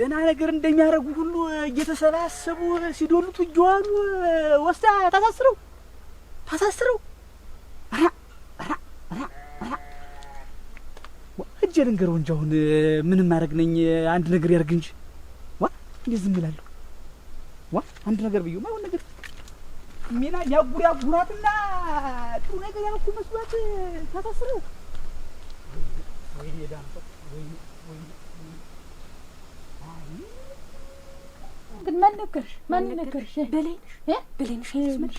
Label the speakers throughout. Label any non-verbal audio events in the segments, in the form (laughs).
Speaker 1: ደህና ነገር እንደሚያደርጉ ሁሉ እየተሰባሰቡ ሲዶሉት እጅዋሉ ወስዳ ታሳስረው ታሳስረው እጄ ልንገረው እንጂ አሁን ምንም ማድረግ ነኝ። አንድ ነገር ያርግ እንጂ ዋ እንዴ ዝም እላለሁ። ዋ አንድ ነገር ብዬ ማይሆን ነገር ሚና ያጉር ያጉራትና ጥሩ ነገር ያልኩ መስሏት ታሳስረው ወይ ዳምጠ ወይ ወይ
Speaker 2: ግን ማን ነገርሽ? ማን
Speaker 3: በሌንሽ በሌንሽ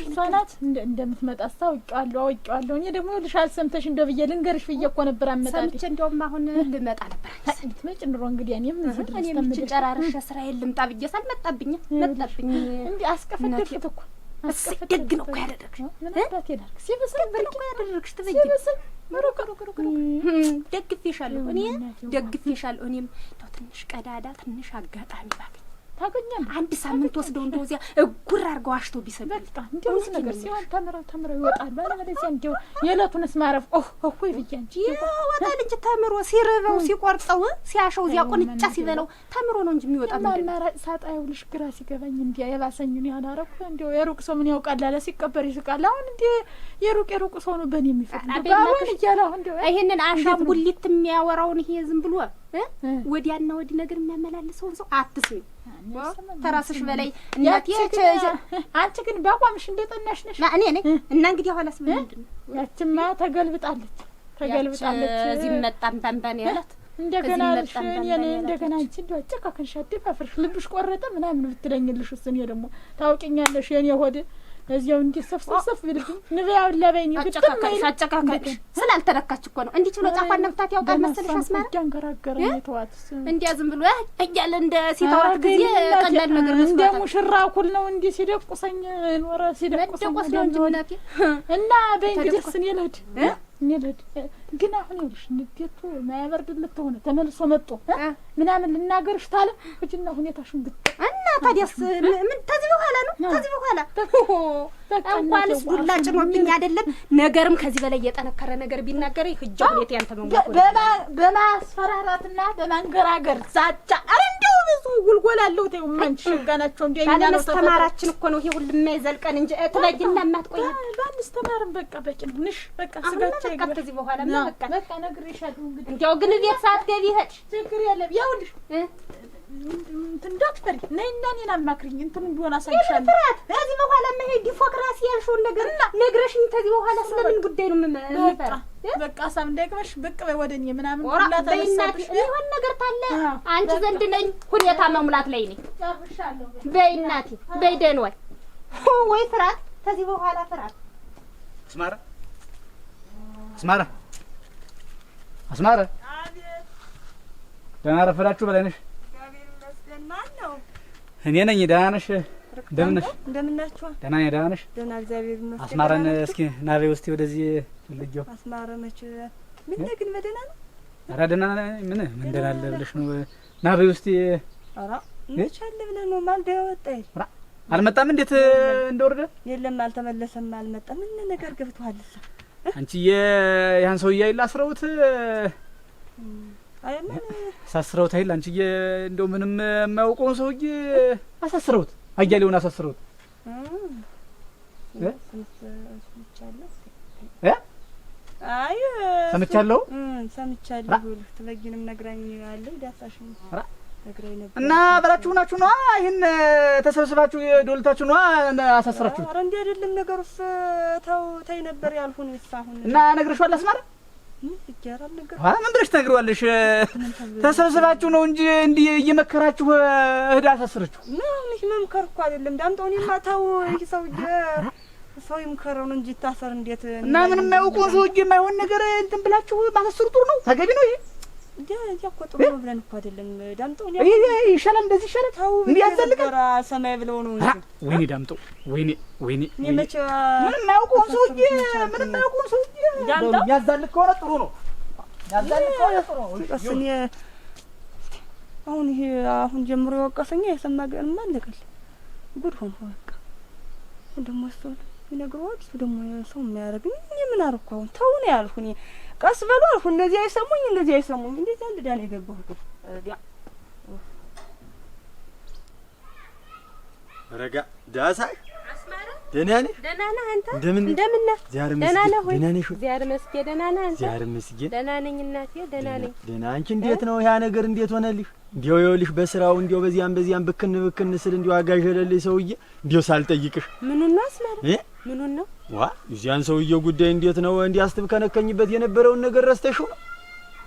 Speaker 2: እሷ ናት እንደምትመጣ አስታውቂዋለሁ፣ አውቂዋለሁ። እኔ ደግሞ አልሰምተሽ እንደው ልንገርሽ ብዬሽ እኮ ነበር ሰምቼ
Speaker 3: እንደውም አሁን ልመጣ ነበር
Speaker 2: ኑሮ እንግዲህ እኔም እዚህ
Speaker 3: ድረስ ስራዬን ልምጣ ሳልመጣብኝ መጣብኝ። እንዲህ እኮ ደግ ነው እኮ ያደረግሽ። ሲበስል
Speaker 2: ብር እኮ ያደረግሽ ትበይ
Speaker 3: ሲበስል ሩቅ ሩቅ ሩቅ ደግፌሻለሁ፣ እኔ ደግፌሻለሁ። እኔም ትንሽ ቀዳዳ ትንሽ አጋጣሚ ባገኝ ታገኛለህ። አንድ ሳምንት ወስደው እንደው እዚያ እጉር አድርገው አሽተው ቢሰጥ
Speaker 2: እንደው እዚህ ነገር ሲሆን ተምረው ተምረው ይወጣሉ። አለበለዚያ እንደው የዕለቱንስ ማረፍ እፎይ ብያ
Speaker 3: እንጂ ይወጣ ልጅ ተምሮ ሲርበው ሲቆርጠው ሲያሸው እዚያ ቁንጫ ሲበለው ተምሮ ነው እንጂ የሚወጣ
Speaker 2: አማራጭ ሳጣ ይኸውልሽ፣ ግራ ሲገባኝ እንዲያ የባሰኝን ያህል አደረኩ። እንደው የሩቅ ሰው ምን ያውቃል አለ ሲቀበር ይስቃል። አሁን እንደ የሩቅ የሩቅ ሰው ነው በእኔ የሚፈርድ ባሉን እያለ አሁን
Speaker 3: ይሄንን አሻንጉሊት የሚያወራውን ይሄ ዝም ብሎ ወዲያና ወዲህ ነገር የሚያመላልሰውን ሰው አትስሚ። ተራስሽ በላይ
Speaker 2: አንቺ ግን በቋምሽ እንደ ጠናሽ ነሽ።
Speaker 3: እኔ ነኝ እና እንግዲህ ኋላስ ምንድን
Speaker 2: ነው? ያቺማ ተገልብጣለች፣
Speaker 3: ተገልብጣለች። እዚህ መጣም ባንባን ያላት
Speaker 2: እንደገና ልሽን የኔ እንደገና አንቺ እንዲ አጨካከንሽ፣ አደፋፍርሽ፣ ልብሽ ቆረጠ ምናምን ብትለኝልሽ፣ እሱን ደግሞ ታውቂኛለሽ የኔ ሆድ እዚያው እንዲህ ሰፍሰፍ ብልሽ ንበያው ለበይኝ
Speaker 3: አጨካከሽ አጨካከሽ ስላልተለካች እኮ ነው። እንዲህ ችሎ ጫፏን ነፍታት ያውቃል መሰለሽ አስማራ
Speaker 2: እንዲያንገራገረኝ ተዋት።
Speaker 3: እንዲያ ዝም ብሎ እያለ እንደ ሲታወት ጊዜ ቀላል ነገር መስሏታል።
Speaker 2: እንደ ሙሽራ እኩል ነው እንዲህ ሲደቁሰኝ ኖረ
Speaker 3: ሲደቁሰኝ ነው እንጂ ምናፊ
Speaker 2: እና በይ እንግዲህ ስን ይለድ ይለድ ግን አሁን ይኸውልሽ ንዴቱ ማያበርድ ልትሆነ ተመልሶ መጥቶ ምናምን ልናገርሽ ታለ እጅና ሁኔታሽን ግጥ
Speaker 3: ታዲያስ ምን ተዚህ በኋላ ነው? ተዚህ በኋላ እንኳንስ ዱላ ጭኖብኝ አይደለም ነገርም ከዚህ በላይ የጠነከረ ነገር ቢናገረኝ ህጃ ሁኔታ ያንተ ነው።
Speaker 2: በማስፈራራትና በማንገራገር ዛቻ፣ አረ እንዲሁ ብዙ ጉልጎላለሁ። ተይው ማን ሸጋናቸው እንደ
Speaker 3: እኛ እኮ ነው ይሄ ሁሉ የማይዘልቀን እንጂ እትበይና ማትቆይ
Speaker 2: ባንስተማርም በቃ በቂ ነው። ንሽ በቃ
Speaker 3: ስጋት በቃ ከዚህ በኋላ በቃ
Speaker 2: በቃ ነግሬሻለሁ። እንግዲህ
Speaker 3: እንዲያው ግን ቤት ሰዓት ገቢ
Speaker 2: ችግር የለም። ያውልሽ እንትን ዶክተር እና እኔን አማክሪኝ። እንትን ቢሆን አሳይሻለሁ።
Speaker 3: ከዚህ በኋላ መሄድ ዲሞክራሲ ያልሽውን ነገር ነግረሽኝ ከዚህ በኋላ ስለምን ጉዳይ ነው የምመራ?
Speaker 2: በቃ ሀሳብ እንዳይቅበሽ ብቅ በይ ወደ እኔ ምናምን
Speaker 3: ይሆን ነገር ታለ አንቺ ዘንድ ነኝ። ሁኔታ መሙላት ላይ ነኝ። በይ እናቴ በይ ደንዋይ ወይ ፍራት። ከዚህ በኋላ ፍራት።
Speaker 4: አስማራ አስማራ አስማራ፣ ደህና ረፈዳችሁ በላይነሽ እኔ ነኝ። ደህና ነሽ? እንደምን ነሽ? እንደምን ናችሁ? ደህና ነኝ። ደህና ነሽ?
Speaker 2: ደህና እግዚአብሔር ይመስገን።
Speaker 4: አስማራን እስኪ ናሬ ውስጥ ወደዚህ
Speaker 2: ልጆ አስማራ መች ምን ነው ግን በደህና ነው?
Speaker 4: ኧረ ደህና ምን ምን ደህና አለ ብለሽ ነው ናሬ ውስጥ
Speaker 2: ኧረ መች አለ ብለህ ነው ማን ወጣ ይል
Speaker 4: አልመጣም። እንዴት እንደወረደ
Speaker 2: የለም፣ አልተመለሰም፣ አልመጣም። ምን ነገር ገብቷል?
Speaker 4: አንቺ ያን ሰውዬ አይላ አስረውት
Speaker 2: አሳስረውት
Speaker 4: አይል አንቺ እንደው ምንም የማያውቀውን ሰውዬ አሳስረውት፣ አያሌውን አሳስረውት አይ ሰምቻለሁ
Speaker 2: ሰምቻለሁ። ትበጊንም ነግራኝ ያለው ዳሳሽ
Speaker 4: ነግራኝ ነበር። እና ብላችሁ ናችሁ ነዋ፣ ይህን ተሰብስባችሁ የዶልታችሁ ነዋ አሳስራችሁ።
Speaker 2: ኧረ እንዲህ አይደለም ነገሩስ። ተው ተይ ነበር ያልሁን። ይሳሁን
Speaker 4: እና ነግረሽዋል አስማረ ምን ብለሽ ትነግረዋለሽ? ተሰብስባችሁ ነው እንጂ እንዲህ እየመከራችሁ እህዳ አሳስረችሁ።
Speaker 2: ምንሽ መምከር እኮ አይደለም ዳምጠው። እኔማ ተው ይህ ሰውዬ ሰው ይምከረው ነው እንጂ ይታሰር እንዴት
Speaker 4: እና ምንም የማያውቁን ሰውዬ የማይሆን ነገር እንትን ብላችሁ ማሰስሩ ጥሩ ነው፣ ተገቢ ነው ይሄ
Speaker 2: ብለን እኮ አይደለም
Speaker 4: ይሻላል እንደዚህ ይሻላል። ተው ሰማይ ብለው ነው ወይኔ ዳምጠው፣ ወይኔ ወይኔ፣ ምንም አያውቁም ሰውዬ፣ ምንም አያውቁም ሰውዬ። ያዛልቅ ከሆነ ከሆነ ጥሩ ነው።
Speaker 2: አሁን ይሄ አሁን ጀምሮ የወቀሰኝ የሰማ ገርማ አለቀል። ጉድ ሆንኩ በቃ። ደግሞ እሱ ይነግረዋል፣ እሱ ደግሞ ሰው የሚያደርግ እኔ ምን አደረኩ? አሁን ተው ነው ያልኩ እኔ ቀስ በሉ አልኩ። እንደዚህ አይሰሙኝ እንደዚህ አይሰሙኝ። እንዴት አንድ ዳን የገባሁት
Speaker 4: ረጋ ዳሳይ ደህና ነህ?
Speaker 2: ደህና ነህ አንተ? እንደምን እንደምን ነህ?
Speaker 4: ዛሬ መስጊድ ደህና ነህ
Speaker 2: ወይ? ዛሬ መስጊድ ደህና ነህ አንተ? ዛሬ መስጊድ ደህና ነኝ እናቴ፣ ደህና
Speaker 4: ነኝ። ደህና አንቺ እንዴት ነው ያ ነገር እንዴት ሆነልሽ? እንዲያው ይኸውልሽ በስራው እንዲያው በዚያም በዚያም ብክን ብክን ስል እንዲያው አጋዥ የሌለኝ ሰውዬ እንዲያው ሳልጠይቅሽ
Speaker 2: ምኑን ነው አስመራ? ምኑን ነው
Speaker 4: ዋ እዚያን ሰውዬ ጉዳይ እንዴት ነው እንዲህ ከነከኝበት የነበረውን ነገር ረስተሽው ነው?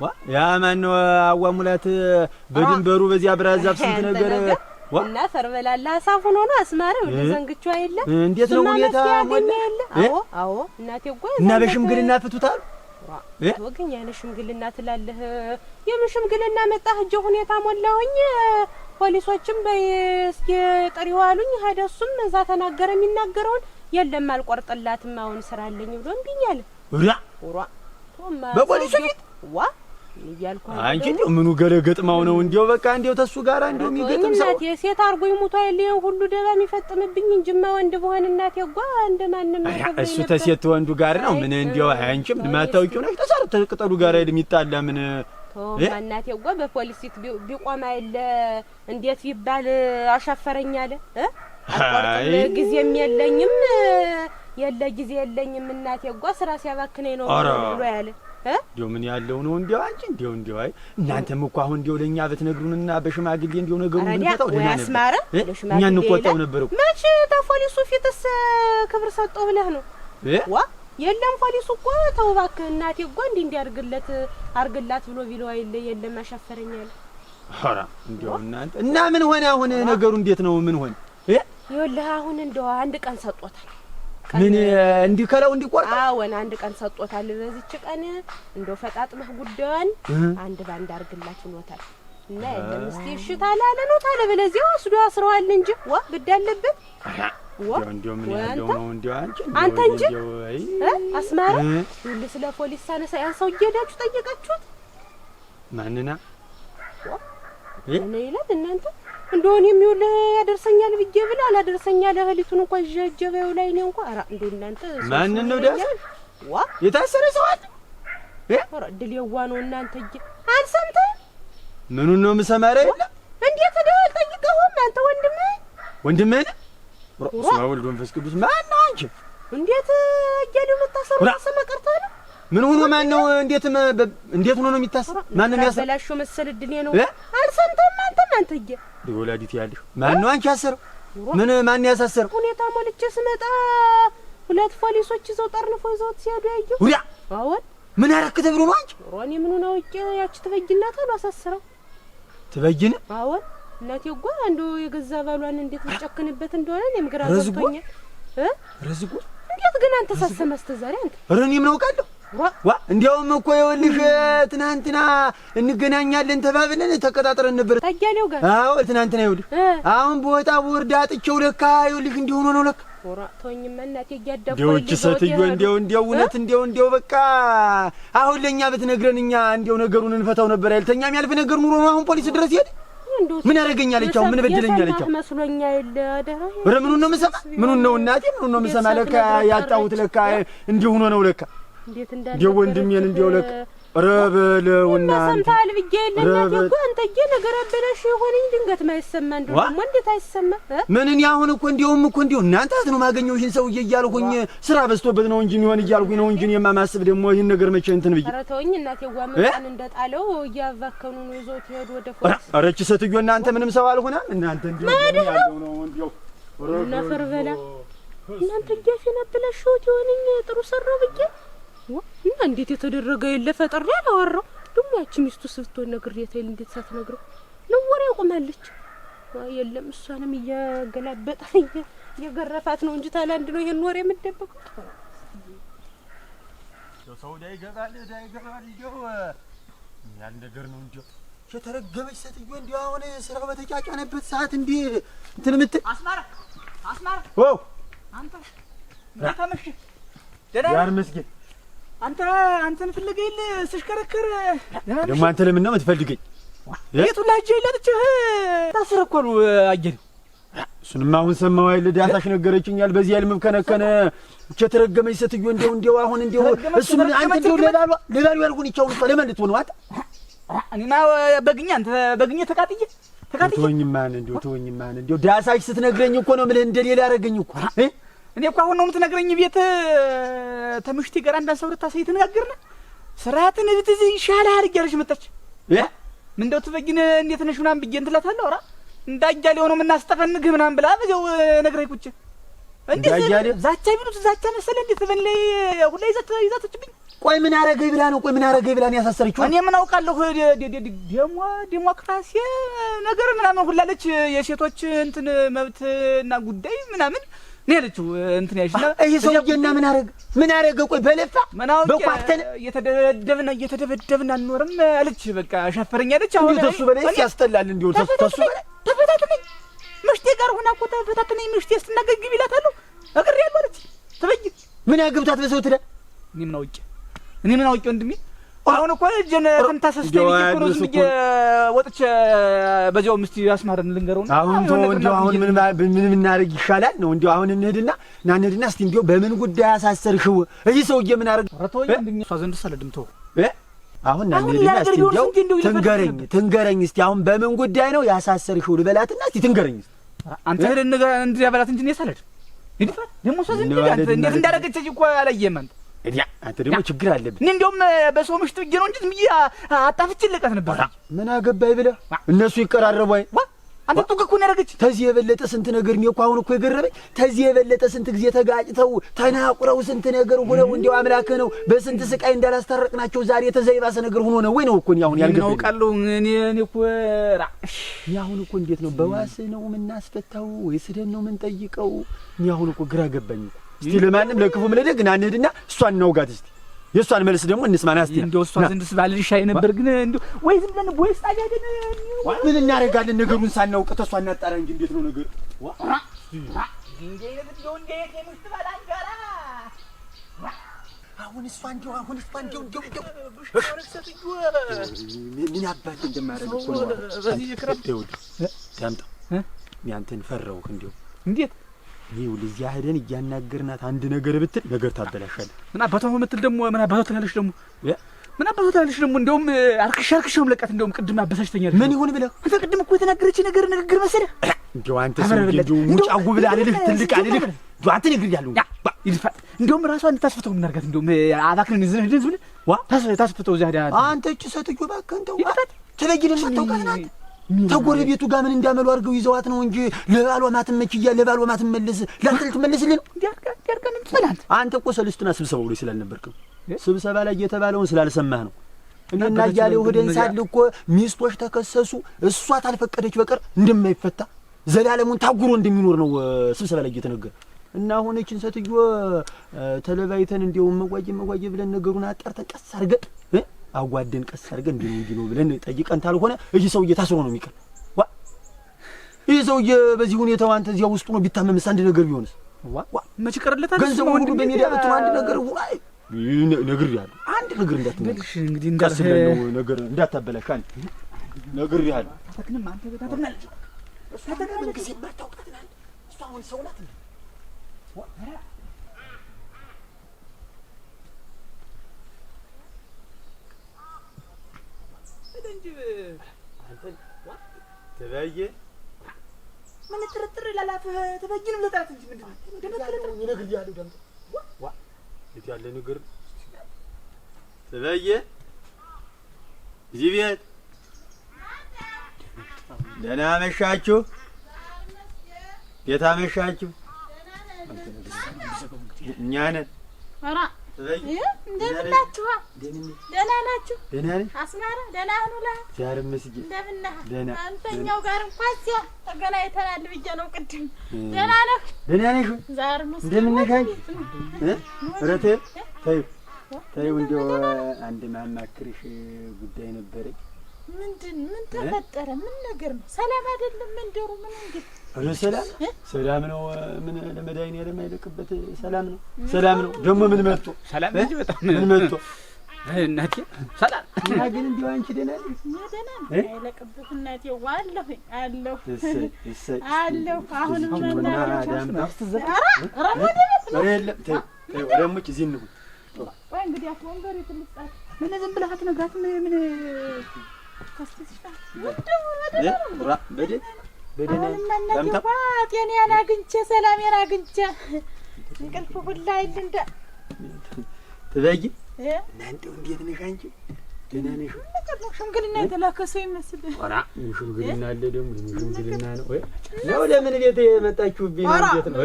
Speaker 4: ዋ ያ ማነው አዋ ሙላት በድንበሩ በዚያ ብራዛብ ስንት ነገር
Speaker 2: እና ፈርበላላ ሀሳብ ሆኖ ነው አስማረው ለዘንግቹ አይደለም። እንዴት ነው ሁኔታ ሞላ? አዎ አዎ፣ እናቴ
Speaker 4: እኮ እና በሽምግልና ፍቱታል።
Speaker 2: ወገኛ ያለ ሽምግልና ትላለህ? የምን ሽምግልና መጣ? ሂጅ ሁኔታ ሞላሁኝ። ፖሊሶችም በስኪ ጥሪው አሉኝ። ሀደሱም እዛ ተናገረ የሚናገረውን የለም አልቆርጥላትም፣ አሁን ስራ አለኝ ብሎ እምቢኛል።
Speaker 4: ራ ራ በፖሊሱ ፊት ዋ እያልኩ አንቺ እንደው ምኑ ገለገጥማው ነው እንደው በቃ እንደው ተሱ ጋራ እንደው የሚገጥም
Speaker 2: ሰው እናቴ ሴት አርጎ ይሙቷ ይልየው ሁሉ ደባ የሚፈጥምብኝ እንጂማ ወንድ በሆነ እናቴ ጓ እንደማንም
Speaker 4: እሱ ተሴት ወንዱ ጋር ነው ምን እንደው አንቺ ምን ማታውቂው ነሽ ተሳር ተቅጠሉ ጋር የሚጣላ ምን
Speaker 2: እናቴ ጓ በፖሊሲት ቢቆም አይለ እንዴት ይባል አሻፈረኝ አለ ጊዜም የለኝም የለ ጊዜ የለኝም እናቴ ጓ ስራ ሲያባክነኝ ነው
Speaker 4: ብሎ ያለ እንዲው ምን ያለው ነው እንዲሁ አንቺ እንዲሁ እንዲሁ አይ እናንተም እኮ አሁን እንዲሁ ለእኛ በትነግሩንና በሽማግሌ እንዲሁ ነገሩ
Speaker 2: ብንመጣው ደህና ነበር። እኛ
Speaker 4: እንቆጣው ነበር እኮ
Speaker 2: መቼ ተፖሊሱ ፊትስ ክብር ሰጠው ብለህ ነው ዋ የለም ፖሊሱ እኮ ተው እባክህ እናቴ እኮ እንዲህ እንዲህ አድርግለት አድርግላት ብሎ ቢለው አይለ የለም አሻፈረኛል።
Speaker 4: ኧረ እንዲሁ እናንተ እና ምን ሆነ አሁን ነገሩ እንዴት ነው? ምን ሆነ
Speaker 2: ይኸውልህ አሁን እንደው አንድ ቀን ሰጦታል
Speaker 4: ምን እንዲህ ከለው እንዲቆርጥ
Speaker 2: አዎን፣ አንድ ቀን ሰጦታል። በዚች ቀን እንደው ፈጣጥመህ ጉዳዩን አንድ ባንድ አድርግላት ይኖታል እና ያለ ምስቲ እሽት አላለ ነው ታለ በለዚህ ወስዶ አስረዋል እንጂ ዋ ብድ አለበት አንተ እንጂ አስማረ ሁሉ ስለ ፖሊስ ሳነሳ ያን ሰው እየሄዳችሁ ጠየቃችሁት? ማንና ምን ይላል እናንተ እንደው የሚውል ያደርሰኛል ብዬ ብላ አላደርሰኛል እህሊቱን እንኳ ዣጀበው ላይ ነው እንኳ አራ እንደው እናንተ
Speaker 4: ማንን ነው ዳስ ዋ የታሰረ ሰው አለ
Speaker 2: እ ኧረ ድል የዋ ነው እናንተ እጄ አልሰምተህ
Speaker 4: ምኑን ነው የምሰማራ የለ
Speaker 2: እንዴት ነው አልጠይቀኸውም አንተ ወንድም
Speaker 4: ወንድምህ ስማ ማውል መንፈስ ቅዱስ ማን ነው አንቺ
Speaker 2: እንዴት እጄ ነው የምታሰሩ ሰመቀርተህ ነው
Speaker 4: ምን ሆኖ ማን ነው? እንዴት እንዴት ሆኖ ነው የሚታሰር? ማን ነው የሚያሰር?
Speaker 2: በላሹ መሰል እድኔ ነው። አልሰምተም። አንተም አንተዬ
Speaker 4: ወላዲት ያለሽ ማን ነው? አንቺ ያሰረው ምን? ማን ነው ያሳሰረው?
Speaker 2: ሁኔታ ሞልቼ ስመጣ ሁለት ፖሊሶች ይዘው ጠርንፎ ይዘውት ሲሄዱ ያየሁ።
Speaker 4: ውዳ አዎን። ምን አደረክ ተብሎ ነው አንቺ?
Speaker 2: ሮኒ ምን ሆነ አውቄ ያቺ ትበጅና ታሉ አሳሰረው። ትበጅን። አዎን። እናቴ እኮ አንዱ የገዛ ባሏን እንዴት ልጨክንበት እንደሆነ እኔም ግራ ገብቶኛል።
Speaker 4: እ ረዝጉ
Speaker 2: እንዴት ግን አንተ ዛሬ አንተ
Speaker 4: ረኒ ምን አውቃለሁ ዋ እንዲያውም እኮ ይኸውልሽ ትናንትና እንገናኛለን ተባብለን ተቀጣጥረን ነበር። ታያሌው ጋር አዎ፣ ትናንትና ይኸውልሽ አሁን በወጣ ወርዳ አጥቼው ለካ ይኸውልሽ እንዲሁ ሆኖ ነው ለካ ዲዎች ሴትዮ እንዲያው እንዲያው እውነት እንዲያው እንዲያው በቃ አሁን ለእኛ ብትነግረን እኛ እንዲያው ነገሩን እንፈታው ነበር። ያልተኛ የሚያልፍ ነገር ኑሮ ነው። አሁን ፖሊስ ድረስ ይሄድ ምን አደረገኛለች? አሁን ምን በደለኛል? አሁን መስሎኛል። የለ ምኑን ነው የምሰማ? ምኑን ነው እናቴ፣ ምኑን ነው የምሰማ? ለካ ያጣሁት ለካ እንዲሁ ሆኖ ነው ለካ እንዴት እንዳለ እንደ ወንድሜን እንዲያው ለቅ ረበለውና
Speaker 2: ሰምተሃል ብዬሽ የለ እናቴ እኮ አንተዬ ነገር አበላሽ የሆነኝ ድንገት ማይሰማ እንደው ደግሞ እንዴት አይሰማ
Speaker 4: ምን እኔ አሁን እኮ እንዲያውም እኮ እንዲያው እናንተ አት ነው ማገኘው ይህን ሰውዬ እያልኩኝ ስራ በዝቶበት ነው እንጂ የሚሆን እያልኩኝ ነው እንጂ እኔማ ደግሞ ይህን ነገር መቼ እንትን
Speaker 2: ብዬሽ ኧረ እናቴ ዋመጣን እንደጣለው እያባከኑ ነው ይዞት ይሄዱ ወደ
Speaker 4: ፎርስ ኧረ እች እናንተ ምንም ሰው አልሆናል እናንተ
Speaker 2: እንዲያው ነፈር በላ እናንተ እያሴን አበላሽሁት የሆነኝ ጥሩ ሰራው ብዬሽ እና እንዴት የተደረገ የለ ፈጥሬ አላወራው ደግሞ ያቺ ሚስቱ ስትሆን ነግሬ የታይል እንዴት ሳትነግረው ነው ወሬ ያቆማለች። የለም እሷንም እያገላበጠ እየገረፋት ነው እንጂ ታላንድ ነው ይሄን ወሬ የምትደብቀው።
Speaker 4: ሰው ዳይ ገባል ዳይ ገባል እንደው ያን ነገር ነው እንጂ የተረገመች ሴትዮ እንዲያው አሁን ስራ በተጫጫነበት ሰዓት እንዲህ እንትን የምትል
Speaker 2: አስማራ አስማራ ኦ አንተ
Speaker 4: ደህና ነህ መስጊድ
Speaker 2: አንተ አንተን ፍለገኝ ስሽከረከር
Speaker 4: ደግሞ አንተ ለምን ነው የምትፈልገኝ?
Speaker 2: ቤቱን ላጅ ለጥችህ ታስረ እኮ ነው አየን።
Speaker 4: እሱንም አሁን ሰማሁ አይደል ዳታሽ ነገረችኛል። በዚህ ያህል መብከነከነ ብቻ ተረገመች ሴትዮ። እንደው እንደው አሁን እንደው እሱ ምን አንተ እንደው ለባሉ ለባሉ ያልኩን ይቻው ነው ለምን ልትሆን ነው? አጣ
Speaker 2: እኔማ በግኛ አንተ በግኛ ተቃጥዬ
Speaker 4: ተቃጥዬ ተወኝማን እንደው ተወኝማን እንደው ዳሳሽ ስትነግረኝ እኮ ነው ምን እንደሌላ ያደረገኝ እኮ እህ
Speaker 2: እኔ እኮ አሁን ነው የምትነግረኝ። ቤት ተምሽቲ ጋር አንዳንድ ሰው ልታሳይ ትነጋገርነ ስርዓትን እዚህ እዚህ ይሻላል እያለች መጣች። ምንደው ትበጊን እንዴት ነሽ ምናምን ብዬ እንትን ራ ኧረ እንዳያሌ ሆኖ የምናስጠፈንግህ ምናምን ብላ በዚያው ነግረኝ ቁጭ እንዴት ዛቻ ቢሉት ዛቻ መሰለ። እንዴት በን ላይ ሁላ ይዛቶችብኝ
Speaker 4: ቆይ ምን አረገኝ ብላ ነው? ቆይ ምን አረገኝ ብላ ነው ያሳሰረችው?
Speaker 2: እኔ ምን አውቃለሁ። ዴሞክራሲ ነገር ምናምን ሁላለች። የሴቶች እንትን መብት እና ጉዳይ ምናምን ነው ያለችው። እንትን ያሽና
Speaker 4: ይሄ ሰውዬና ምን አረገ? ምን አረገ? ቆይ በለፋ
Speaker 2: በቋተነ እየተደበደብን እየተደበደብን አንኖርም አለች። በቃ አሻፈረኝ አለች።
Speaker 4: አሁን ተሱ በላይ ያስጠላል። እንዲሁ ተሱ
Speaker 2: ተፈታተነኝ ምሽቴ ጋር ሆና እኮ ተፈታተነኝ። ምሽቴ ስትናገግብ ይላታለሁ እግሬ አለች። ተበይ
Speaker 4: ምን አግብታት በሰው ትዳ
Speaker 2: እኔ ምን አውቄ እኔ ምን አውቄ ወንድሜ አሁን እኮ እጄን ተንታስስቴ ወጥቼ በዚያው ምስቲ አስማረን ልንገረው።
Speaker 4: አሁን ቶ አሁን ምን ምን እናደርግ ይሻላል ነው አሁን እንሂድና እና እንሂድና እስቲ በምን ጉዳይ አሳሰርሽው? ሰውዬ ምን አሁን እንሂድና እስቲ ትንገረኝ ትንገረኝ እስቲ አሁን በምን ጉዳይ ነው ያሳሰርሽው ልበላትና እስቲ ትንገረኝ
Speaker 2: አንተ ሄደህ እንዲያ በላት እንጂ እኔ ሰለድ እንዴ ደግሞ ሳዘንድ እንዴት እንዳደረገች እኮ አላየህም አንተ
Speaker 4: እዲያ አንተ ደግሞ ችግር አለብህ።
Speaker 2: እኔ እንደውም በሰው ምሽት ብዬ ነው እንጂ ዝም ብዬ አጣፍቼ ለቀት ነበር።
Speaker 4: ምን አገባኝ ብለህ እነሱ ይቀራረቡ። አይ
Speaker 2: አንተ ጡቅ እኮ ነው ያደረገች።
Speaker 4: ተዚህ የበለጠ ስንት ነገር እኔ እኮ አሁን እኮ የገረመኝ ተዚህ የበለጠ ስንት ጊዜ ተጋጭተው ተናቁረው ስንት ነገር ሆነው እንዲያው አምላክህ ነው በስንት ስቃይ እንዳላስታረቅናቸው ዛሬ ተዘይባሰ ነገር ሆኖ ነው ወይ ነው እኮ አሁን
Speaker 2: ያልገባኝ። እናውቃለሁ እኔ እኔ እኮ ራ
Speaker 4: እኔ አሁን እኮ እንዴት ነው በዋስ ነው የምናስፈታው ወይስ ደን ነው የምንጠይቀው? እኔ አሁን እኮ ግራ ገባኝ እኮ እስቲ ለማንም ለክፉም ለደግ ና እንሂድና እሷን እናውጋት እስቲ የእሷን መልስ ደግሞ እንስማና እስቲ
Speaker 2: እንደው እሷ ዘንድ ስባልልሽ ነበር ግን እንደው ወይ ዝም ብለን ቦይስ ታያደን
Speaker 4: ምን እናደርጋለን? ነገሩን ሳናውቅ ተሷ እናጣራ እንጂ እንዴት ነው ነገሩ?
Speaker 2: አሁን እሷ እንደው አሁን እሷ እንደው እንደው እንደው
Speaker 4: ምን አባት እንደማደርግ እኮ ነው። በዚህ ይክረም ያንተን ፈራሁህ እንደው እንዴት ይኸውልህ እዚያ ሄደን እያናገርናት አንድ ነገር ብትል ነገር ታበላሻለህ።
Speaker 2: ምን አባቷ ምትል ደግሞ ምን አባቷ ትላለች ደግሞ ምን አባቷ ትላለች ደግሞ። እንደውም አርክሻ አርክሻ ምለቃት። እንደውም ቅድም አበሳጭተኛለች።
Speaker 4: ምን ይሁን ብለህ አንተ ቅድም እኮ የተናገረች ነገር ንግግር መሰለ። እንደው አንተ ሰው እንደው ሙጫ ጉብል አልልህ ትልቅ አልልህ እንደው አንተ ንግር ያለው
Speaker 2: ይድፋት። እንደውም ራሷ እንድታስፈተው ምናርጋት። እንደውም አባክንን ዝም ዝም ብለህ ዋ ታስፈተው እዚያ ሄዳ
Speaker 4: አንተ እጭ ሰትዮ እባክህ እንደው ትበይልን ማታውቃት ናት ተጎረቤቱ ጋር ምን እንዳመሉ አድርገው ይዘዋት ነው እንጂ ለባሏ ማትመች እያ ለባሏ ማትመልስ ለአንተ ልትመልስልህ ነው። አንተ እኮ ሰልስትና ስብሰባው ላይ ስላልነበርክም ስብሰባ ላይ የተባለውን ስላልሰማህ ነው። እኔና እያሌው ወደን ሳል እኮ ሚስቶች ተከሰሱ እሷ ታልፈቀደች በቀር እንደማይፈታ ዘላለሙን ታጉሮ እንደሚኖር ነው ስብሰባ ላይ እየተነገረ እና አሁን ይችን ሴትዮ ተለባይተን እንዲያውም መጓጀ መጓጀ ብለን ነገሩን አጣርተን ቀስ አድርገን አጓደን ቀስ አድርገን እንዲህ ነው እንዲህ ነው ብለን ጠይቀን ታልሆነ እዚህ ሰውዬ ታስሮ ነው የሚቀር። ዋ ይህ ሰውዬ በዚህ ሁኔታው አንተ እዚያ ውስጡ ነው ቢታመምስ አንድ ነገር ቢሆንስ? ዋ
Speaker 2: ዋ መች ቀርለታል።
Speaker 4: ገንዘቡ ሁሉ በሚዲያ ብትሆን አንድ ነገር ዋይ ነግር ያለ
Speaker 2: አንድ ነገር እንዳትነግርሽ እንግዲህ
Speaker 4: እንዳልህ ነገር እንዳታበላሽ አንድ ነግር ያለሁ ታተክንም አንተ
Speaker 2: ታተክናለች ታተክንም ጊዜ ማታውቃትናል እሷ አሁን ሰው ናት ዋ ተበየ ምን ጥርጥር ላላፍህ ተበየንም ለጣት እንጂ
Speaker 4: ምንድን ነው ያለ ነገር ተበየ እዚህ ቤት ደህና አመሻችሁ፣ ቤት አመሻችሁ። እኛ ነን።
Speaker 2: እንደምን ናችሁ? ደህና ናችሁ? አስማራ ደህና ሁኑልህ። ዛሬም መስዬ እንደምን ነህ? አንተኛው ጋር እንኳን እዚያ ተገናኝተናል ብዬ ነው ቅድም። ደህና ነህ? ደህና ነሽ? ዛሬም
Speaker 4: እንደምን ነሽ? ረቴ ተይው ተይው፣ እንደው አንድ ማማክርሽ ጉዳይ ነበረኝ።
Speaker 2: ምንድን ምን ተፈጠረ? ምን ነገር ነው? ሰላም አይደለም መንደሩ። ምን እንግዲህ
Speaker 4: ሰላም ሰላም ነው። ምን ለመድኃኒዓለም አይለቅበት ሰላም ነው። ሰላም ነው ደግሞ ምን መጥቶ ሰላም ነው። በጣም ምን መጥቶ እናቴ ሰላም
Speaker 2: እና ግን እንዲሁ አንቺ ደህና ነሽ? ደህና ነኝ። አይለቅብህ እናቴ ዋለሁ አለሁ አለሁ። አሁንም
Speaker 4: ረሙች እዚህ እንሁን
Speaker 2: ወይ እንግዲህ አቶ ወንበር የትልጻት ምን ዝም ብለህ አትነግራትም? ምን ታስደስታል? በደንብ በደህና ጤናዬን አግኝቼ ሰላሜን አግኝቼ እንቅልፍ ሁላ እንደ
Speaker 4: ትበይ እና እንዴት ነሽ አንቺ? ደህና ነሽ?
Speaker 2: ሽምግልና የተላከ ሰው ይመስል።
Speaker 4: ኧረ ሽምግልና አለ ደግሞ ሽምግልና ነው ነው። ለምን ቤት የመጣችሁብኝ ነው? እንዴት ነው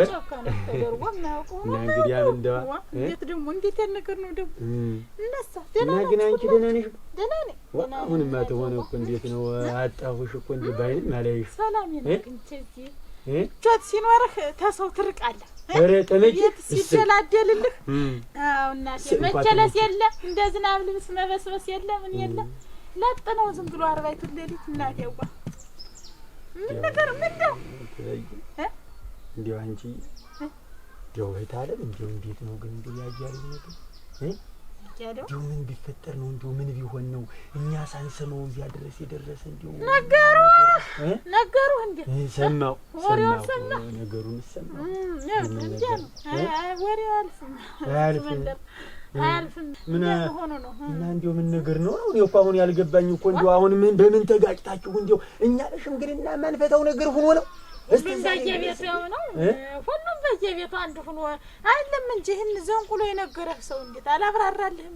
Speaker 4: እና እንግዲህ ያን እንደዋ
Speaker 2: እንዴት ደግሞ እንዴት ያለ ነገር ነው ደግሞ እነሳ
Speaker 4: እና ግን አንቺ ደህና ነሽ? ደህና ነኝ። አሁንማ ተሆነ እኮ እንዴት ነው አጣሁሽ እኮ እንዴ ባይንም አላየሽ
Speaker 2: ሰላም ይልቅ እንጂ ጆት ሲኖርህ ተሰው ትርቃለህ። ቤት ሲደላደልልህ እናቴ መቸለስ የለ እንደ ዝናብ ልብስ መበስበስ የለ ምን የለ ለጥ ነው ዝም ብሎ አርባይቱ ሌሊት እናት ዋ ምን ነገር ምን ነው
Speaker 4: እንዲሁ አንቺ እንዲሁ ቤት አለም እንዲሁ እንዴት ነው ግን እንዲሁ ያያል ነገር ያለው ምን ቢፈጠር ነው እንዲሁ ምን ቢሆን ነው እኛ ሳንሰማው እዚያ ድረስ የደረሰ እንዲሁ
Speaker 2: ነገሩ ነገሩ እንዴ ሰማው ወሬውን ሰማው
Speaker 4: ነገሩን ሰማው እና እንዲሁ ምን ነገር ነው? እኔ እኮ አሁን ያልገባኝ እኮ እንዲሁ አሁን ምን በምን ተጋጭታችሁ እንዲሁ እኛ ለሽምግልና ማንፈታው ነገር ሆኖ ነው
Speaker 2: ሁሉም በየቤቱ ያው ነው። ሁሉም በየቤቱ አንድ ሆኖ አይደለም እንጂ ይህን ዘንቁሎ የነገረህ ሰው እንዴት አላብራራልህም?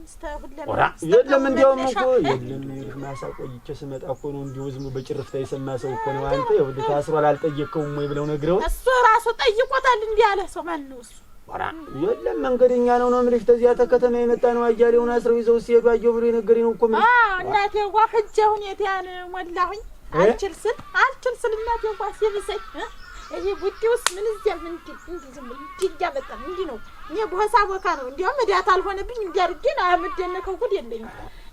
Speaker 4: የለም። እንዲያውም እኮ የለም ማሳ ቆይቼ ስመጣ እኮ ነው እንዲሁ ዝም በጭርፍታ የሰማ ሰው እኮ ነው። አንተ ይኸውልህ ወይ ብለው ነግረው
Speaker 2: እሱ ራሱ ጠይቆታል። እንዲህ ሰው ማን ነው እሱ?
Speaker 4: የለም መንገደኛ ነው ነው የምልሽ። ተዚያ የመጣ ነው። አያሌውን አስረው ይዘው ሲሄዱ አየሁ ብሎ የነገረኝ ነው እኮ
Speaker 2: እናቴ ዋ ሂጅ ሞላሁኝ አልችል ስል አልችል ስል እናቴ እንኳን ሲብሰኝ ይሄ ቡዲ ውስጥ ምን እዚያ ምን እንዲህ ዝም እንዲ እንዲህ እያበጣም ነው። እኔ በሆሳ ቦካ ነው እንዲያውም እዳት አልሆነብኝ እንዲያርጌ ነው የምደነከው። ጉድ የለኝ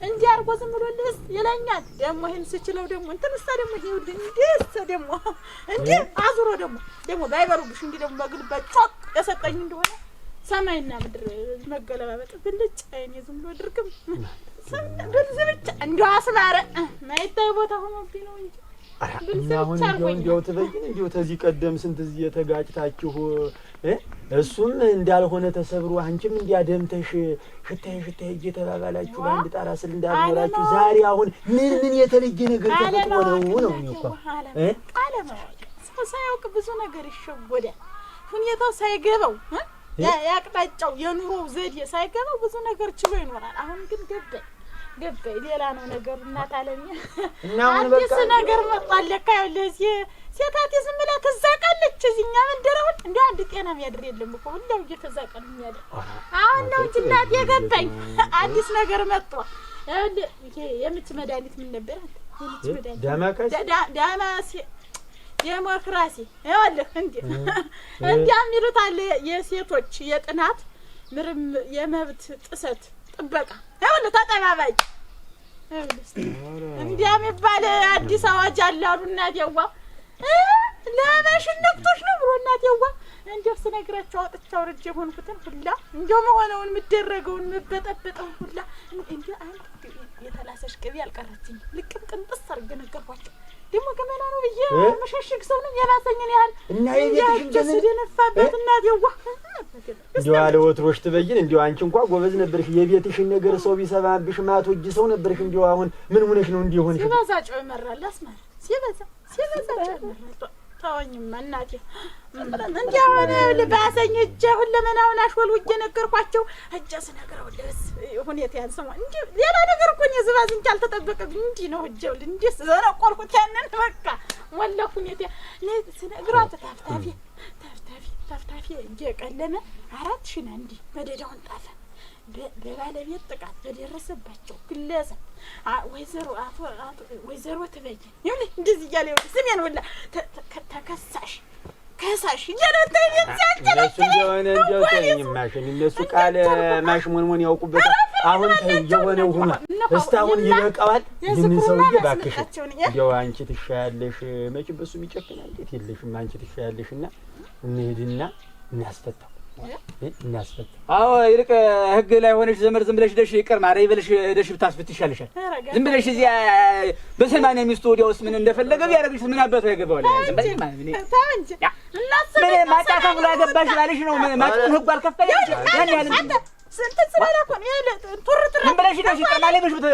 Speaker 2: እንዲ አርጎ ዝም ብሎ ልስ ይለኛል። ደግሞ ይህን ስችለው ደግሞ እንትን እሳ ደግሞ ይሄ ሁሉ እንዲህ ደግሞ (laughs) እንዲ አዙሮ ደግሞ ደግሞ ባይበሩብሽ እንዲ ደግሞ በግልባ ጮቅ የሰጠኝ እንደሆነ ሰማይና ምድር መገለባበጥ ብልጭ አይኔ ዝም ብሎ ድርግም ብልዝ አስማረ ማይታይ
Speaker 4: አሁን እንዲያው እንዲያው ጥበይን እንዲያው ተዚህ ቀደም ስንት እዚህ የተጋጭታችሁ እሱም እንዳልሆነ ተሰብሮ አንቺም እንዲያደምተሽ ሽታዬ ሽታዬ እየተባባላችሁ በአንድ ጣራ ስል እንዳልኖራችሁ ዛሬ አሁን ምን ምን የተለየ ነገር
Speaker 2: ተፈጥሮ ነው ነው እኮ ሰው ሳያውቅ ብዙ ነገር ይሸወዳል። ሁኔታው ሳይገባው ያቅጣጫው የኑሮው ዘዴ ሳይገባው ብዙ ነገር ችሎ ይኖራል። አሁን ግን ገባኝ። ገባኝ። ሌላ ነው ነገሩ። እናት አለኝ አዲስ ነገር መጥቷል ለካ። ሴት አዲስ ምላ ትዛቃለች። መንደረውን እንደ አንድ ጤና የሚያድር የለም እኮ ሁሉም የሚያድር አሁን ነው እንጂ አዲስ ነገር የምች መድኃኒት ምን ነበር ዴሞክራሲ ይኸውልህ እንዲያ የሚሉት አለ የሴቶች የጥናት ምርም የመብት ጥሰት ጥበቃ ይኸውልህ ተጠባባቂ እንዲያ የሚባል አዲስ አዋጅ አለ አሉ እናቴዋ። ለበሽነቶች ነው ብሎ እናቴዋ እንዲያው ስነግራቸው አውጥቼ አውርጄ የሆንኩትን ሁላ እንዲያው መሆነውን የምደረገውን የምበጠበጠውን ሁላ እንዲያው አንድ የተላሰሽ ቅቤ አልቀረችኝም። ልቅም ቅንጥስ አድርጌ ነገርኳቸው። ደግሞ ገመና ነው ብዬ መሸሽግ ሰው ነኝ። የባሰኝን ያህል እና የቤትሽደስ የነፋበት እናት የዋ
Speaker 4: እንዲ አለ ወትሮሽ ትበይን እንዲ አንቺ እንኳ ጎበዝ ነበርሽ። የቤትሽን ነገር ሰው ቢሰማብሽ ማቶጅ ሰው ነበርሽ። እንዲ አሁን ምን ሁነሽ ነው እንዲሆን
Speaker 2: ሲበዛ ጨው ይመራል። አስማ ሲበዛ ሲበዛ ጨው ይመራል። ተወኝማ እናቴ እንዲያ ሆነ ልባሰኝ እጄ ሁለመናውን አሽወልውጄ ነገርኳቸው። እጄ ስነግረው ልብስ ሁኔታዬን ስሟ እንዲህ ሌላ ነገር እኮ እኔ ዝባዝንቻ አልተጠበቀብኝ እንዲህ ነው። እጄው እንዲህ ዘነቆልኩት ያንን በቃ ወላሂ ሁኔታ ስነግሯት ታፍታፊ ታፍታፊ ታፍታፊ እጄ ቀለመ አራት ሽና እንዲህ መደዳውን ጣፈ በባለቤት ጥቃት በደረሰባቸው ግለሰብ ወይዘሮ ወይዘሮ ትበይን ይሁን እንደዚህ እያለ ይሁን ስሜን ሁላ ተከሳሽ ከሳሽ እያለ
Speaker 4: እነሱ እንደሆነ እንደው ተይኝ ማሽን እነሱ ቃል ማሽሞንሞን ያውቁበታል። አሁን የሆነው ሁኗል። እስካሁን ይበቃዋል። ይህንን ሰውዬ እባክሽ እንደው አንቺ ትሻያለሽ፣ መቼም በእሱም ይጨክናል። እንዴት የለሽም አንቺ ትሻያለሽ። እና እንሂድና እናስፈታው አዎ ይልቅ ህግ ላይ ሆነሽ ዘመድ ዝም ብለሽ ደሽ ይቅር ማረ ይበልሽ ደሽ ብታስብት ይሻልሻል። ዝም ብለሽ እዚያ በሰማንያ ሚስቱ ወዲያ ውስጥ ምን እንደፈለገ ቢያደርግሽ ምን አባቱ
Speaker 2: ያገባዋል? ዝም ብለሽ
Speaker 4: ማጫታ ብሎ ያገባሽ ባልሽ ነው። ማጭቁን ህጉ አልከፈለ
Speaker 2: ያን ያህል ስንት ስበላ ኮን
Speaker 4: ቱራ ስለ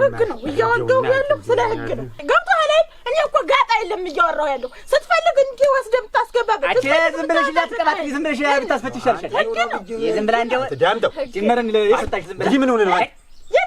Speaker 2: ህግ ነው እያወራሁ ያለሁ፣ ስለ ህግ ነው። ገብቶሃል? እኔ እኮ ጋጣ የለም እያወራሁ ያለሁ። ስትፈልግ እንዲህ ወስደህ ብታስገባ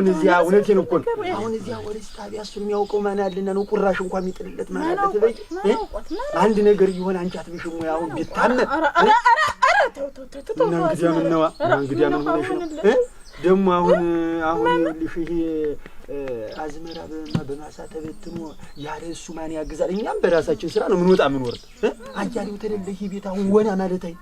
Speaker 4: አሁን እዚያ እውነቴን እኮ ነው። አሁን እዚያ ወደዚ ጣቢያ እሱ የሚያውቀው ማን ያለና ነው? ቁራሽ እንኳን የሚጥልለት ማን አለ ትበይ። አንድ ነገር ይሆን አንቻት አትብሽም ወይ? አሁን ቢታመን እና እንግዲያ ምን ነዋ እና እንግዲያ ምን ሆነሽ ነው ደግሞ አሁን አሁን ይኸውልሽ ይሄ አዝመራ በማ በማሳ ተበትኖ ያለ እሱ ማን ያግዛል? እኛም በራሳችን ስራ ነው ምን ወጣ ምን ወርድ አያሌው ተደለህ ቤት አሁን ወና ማለት ማለታይ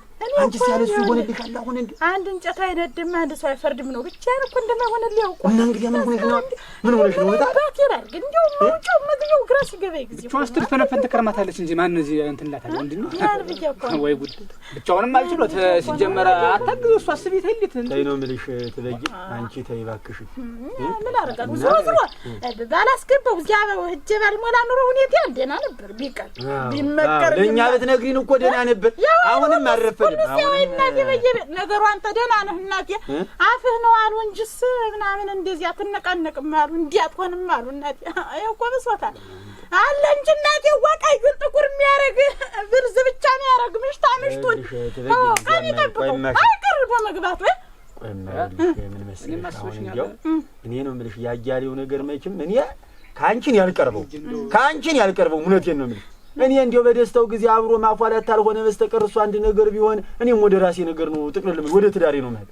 Speaker 4: አንቺ ሲያለሱ ይሆንልሻል። አሁን እንዴ
Speaker 2: አንድ እንጨት አይነድም፣ አንድ ሰው አይፈርድም ነው ብቻ ነው እንደ ማሆነ ሊያውቁ
Speaker 4: እና እንግዲህ ምን ሆነሽ ነው? ምን ሆነሽ ነው? ወጣ
Speaker 2: ባክራል ግን እንዴው ወጮ መግቢያው ግራ ሲገበይ
Speaker 4: ጊዜ ብቻ አስትር ተነፈን ተከርማታለች እንጂ ማን እዚህ እንትን እላታለሁ። እንዴ
Speaker 2: ነው ያን ወይ
Speaker 4: ጉድ! ብቻውንም አልችሎት ሲጀመረ አታግዙ። እሱ አስቤት ሄሊት ተይ ነው የምልሽ። ትበይ አንቺ ተይ እባክሽ።
Speaker 2: ምን አደረጋለሁ? ዝሮ ዝሮ ባላስገባው እዚያ ሂጅ ባልሞላ ኑሮ ሁኔታ ደህና ነበር። ቢቀር
Speaker 4: ቢመከር ለእኛ ብትነግሪን እኮ ደህና ነበር።
Speaker 2: አሁንም አረፈ ሁሉ ሲያወይ እናቴ በየቤት ነገሩ አንተ ደህና ነህ እናቴ አፍህ ነው አሉ እንጂስ ምናምን እንደዚያ አሉ እንዲህ አትሆንም አሉ እናቴ እኮ ብሶታል አለ እንጂ እናቴ ጥቁር የሚያደርግ ብርዝ ብቻ የሚያደርግ ምሽታ ምሽቱን ቀን ይጠብቀው አይቀርቦ መግባት ወይ ምን
Speaker 4: መሰለሽ እኔ ነው የምልሽ ያያሌው ነገር መቼም እኔ ከአንቺን ያልቀርበው ከአንቺን ያልቀርበው እውነቴን ነው የምልሽ እኔ እንዲያው በደስታው ጊዜ አብሮ ማፏላት ታልሆነ በስተቀር እሱ አንድ ነገር ቢሆን እኔም ወደ ራሴ ነገር ነው ጥቅልል ወደ ትዳሬ ነው ማለት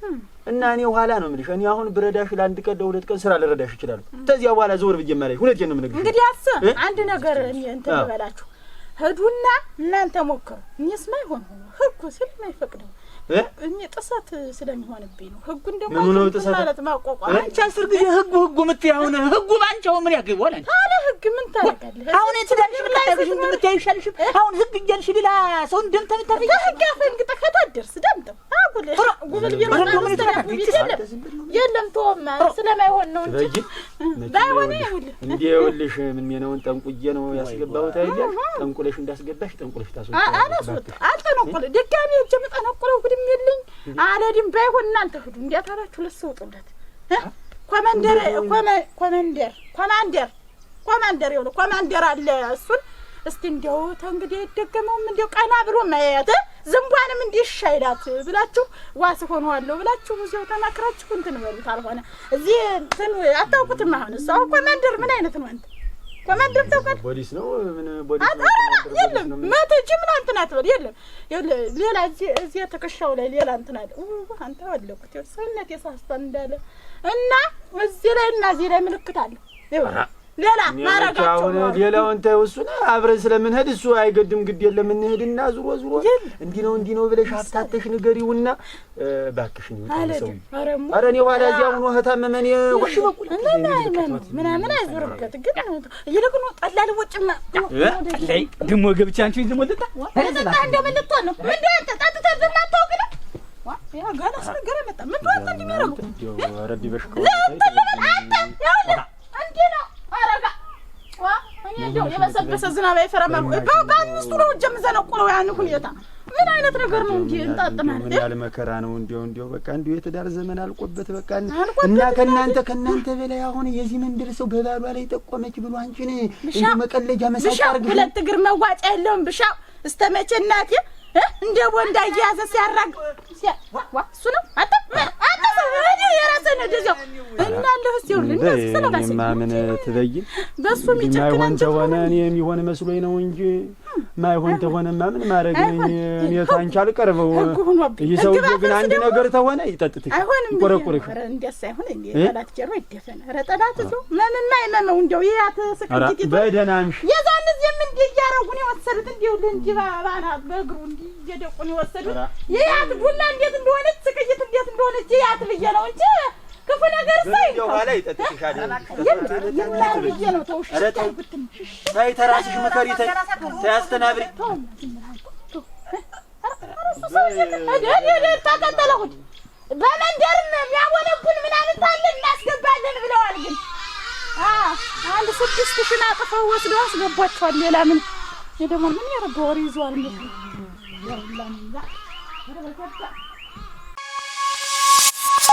Speaker 4: እና እኔ ኋላ ነው የምልሽ። እኔ አሁን ብረዳሽ ለአንድ ቀን ለሁለት ቀን ስራ ልረዳሽ ይችላሉ። ከዚያ በኋላ ዘወር ብዬ ማለሽ ሁለቴን ነው የምነግርሽ።
Speaker 2: እንግዲህ አስብ አንድ ነገር እኔ እንትን ልበላችሁ፣ ሂዱና እናንተ ሞክሩ። እኔስ ማይሆን ሆኖ ህኩ ስል ማይፈቅደው እኔ ጥሰት ስለሚሆንብኝ ነው። ህጉን ደግሞ ምኑነው ጥሰት
Speaker 4: ማለት ማቋቋም አንቺ አስር ጊዜ ህጉ ህጉ የምትይ አሁን ህጉ ባንቻው ምን ያገባዋል?
Speaker 2: አለ ህግ ምን ታደርጋለህ? አሁን ትዳርሽ ብታይሽ የምትይ ይሻልሽ። አሁን ህግ እያልሽ ሌላ ሰውን ደም ተምታፈይ ህግ አፈንግጠ ከታደርስ ደምደም አጉል ጉብል የለም ተወማ ስለማይሆን ነው እንጂ ባይሆን
Speaker 4: ይውል እንዴ ይውልሽ ምን የነውን ጠንቁዬ ነው ያስገባሁት አይደል? ጠንቁለሽ እንዳስገባሽ ጠንቁለሽ
Speaker 2: ታሶ አላሶት አልተነቁል ድጋሚ እጅ መጠነቁለው ወንድም የለኝ አለድም። ባይሆን እናንተ ሂዱ እንዴት አላችሁ? ልትሰውጡለት ኮማንደር ኮማንደር ኮማንደር ኮማንደር ይሁን ኮማንደር አለ። እሱን እስቲ እንዲያው ተእንግዲህ አይደገመውም እንዲያው ቀና ብሎ መያያት ዝንቧንም እንዲሻ ይላት ብላችሁ ዋስ ሆነዋለሁ ብላችሁ እዚያው ተማክራችሁ እንትን በሉት። አልሆነ እዚህ እንትን አታውቁትም። አሁን እሱ ኮማንደር ምን አይነት ነው አንተ ከመድረክ ተውቀድ
Speaker 4: ቦዲስ ነው ምን
Speaker 2: ቦዲስ ነው የለም። መቶ እጅ እንትን አትበል የለም። ሌላ እዚህ እዚህ ትከሻው ላይ ሌላ እንትን አለ። አንተ ወለኩት ሰውነት የሳስታ እንዳለ እና እዚህ ላይ እና እዚህ ላይ ምልክት አለ። ሌላ ማረጋቸው
Speaker 4: ሌላውን ተይው፣ እሱን አብረን ስለምንሄድ እሱ አይገድም። ግድ የለም እንሄድና ዙሮ ዙሮ እንዲህ ነው እንዲህ ነው ብለሽ አፍታተሽ ንገሪውና እባክሽን ኧረ እኔ ኋላ እዚያ ሆኖ ህታመመን ወሽ
Speaker 2: ምናምን አይዞርበት ግን ይልቅ ነው ጠላ ልወጭማ
Speaker 4: ላይ ድሞ ገብቼ አንቺ ዝም ወልጣ
Speaker 2: ወልጣ እንደምልቶ ነው እንዴ አንተ ጠጥተህ ብናታውቅ ነው ገና ስነገር መጣ ምን ዶርት እንደሚያረጉ ረቢ በሽከ አንተ ያለ እንደው የበሰበሰ ዝናብ አይፈራም። በአምስቱ ነው እጀ የምዘነቁለው ያን ሁኔታ ምን አይነት ነገር ነው? እንዲ
Speaker 4: እንጣጥ ምን ያህል መከራ ነው? እንዲው እንዲው በቃ እንዲው የትዳር ዘመን አልቆበት በቃ እና ከእናንተ ከእናንተ በላይ አሁን የዚህ መንደር ሰው በባሏ ላይ ጠቆመች ብሎ አንቺን
Speaker 2: እንዲ መቀለጃ መሳቅ አርግ ሁለት እግር መዋጫ የለውም ብሻው እስከ እናቴ እንደ ወንድ አያያዘ ሲያራግ እሱ ነው አጣ
Speaker 4: ምን ትበይን በሱ የሚጨክነን ተሆነ እኔ የሚሆን መስሎኝ ነው እንጂ ማይሆን ተሆነማ ምን ማድረግ እኔ ታንቺ አልቀርበው። ይህ ሰውዬ ግን አንድ ነገር ተሆነ ይጠጥት ይቆረቁርሽ። በደህና
Speaker 2: እምሽ የዛን እዚህም እንዲህ እያደረጉ ነው የወሰዱት። እንዲሁ እንዲህ ባላ በእግሩ እንዲህ እየደቁ ነው የወሰዱት። ይህ ያት እንዴት እንደሆነች ስቅይት እንዴት እንደሆነች ይህ ያት ብዬሽ ነው እንጂ ክፉ ነገር ተቀጠለሁት። በመንደርም የሚያወለቡን ምናምን ታለ እናስገባለን ብለዋል። ግን አንድ ስድስት ሺህ አጥፈው ወስደው አስገባቸዋል። ሌላ ምን ደግሞ ምን ያረገ ወሬ ይዟል